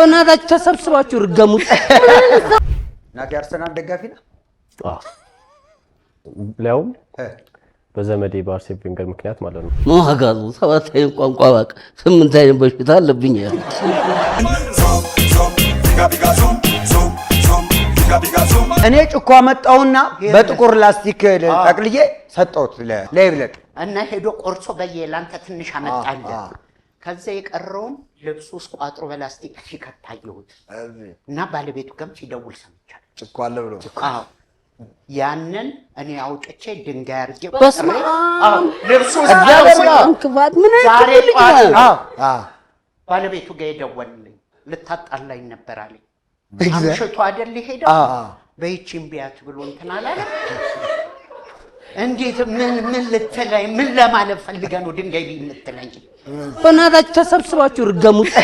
በናታችሁ ተሰብስባችሁ እርገሙት። ናቲ አርሰናል ደጋፊ ነው ሊያውም በዘመዴ በአርሴን ቬንገር ምክንያት ማለት ነው። መዋጋሉ ሰባት አይነት ቋንቋ እባክህ፣ ስምንት አይነት በሽታ አለብኝ ያሉ እኔ ጭኮ መጣውና በጥቁር ላስቲክ ጠቅልዬ ሰጠሁት ለይብለጥ እና ሄዶ ቆርሶ በየ ላንተ ትንሽ አመጣለ ከዚያ የቀረውን ልብሱ ውስጥ ቋጥሮ በላስቲክ ሲከት አየሁት እና ባለቤቱ ገም ሲደውል ሰምቻል። ጭኮ ብሎ ያንን እኔ አውጥቼ ድንጋይ አድርጌ ባለቤቱ ጋር የደወልልኝ ልታጣላኝ ነበር አለኝ። አምሽቶ አይደል ሄደ በይቺን ቢያት ብሎ እንትን አላለም እንዴት ምን ምን ልትለኝ ምን ለማለት ፈልገህ ነው ድንጋይ ልትለኝ? በእናታችሁ ተሰብስባችሁ እርገሙት።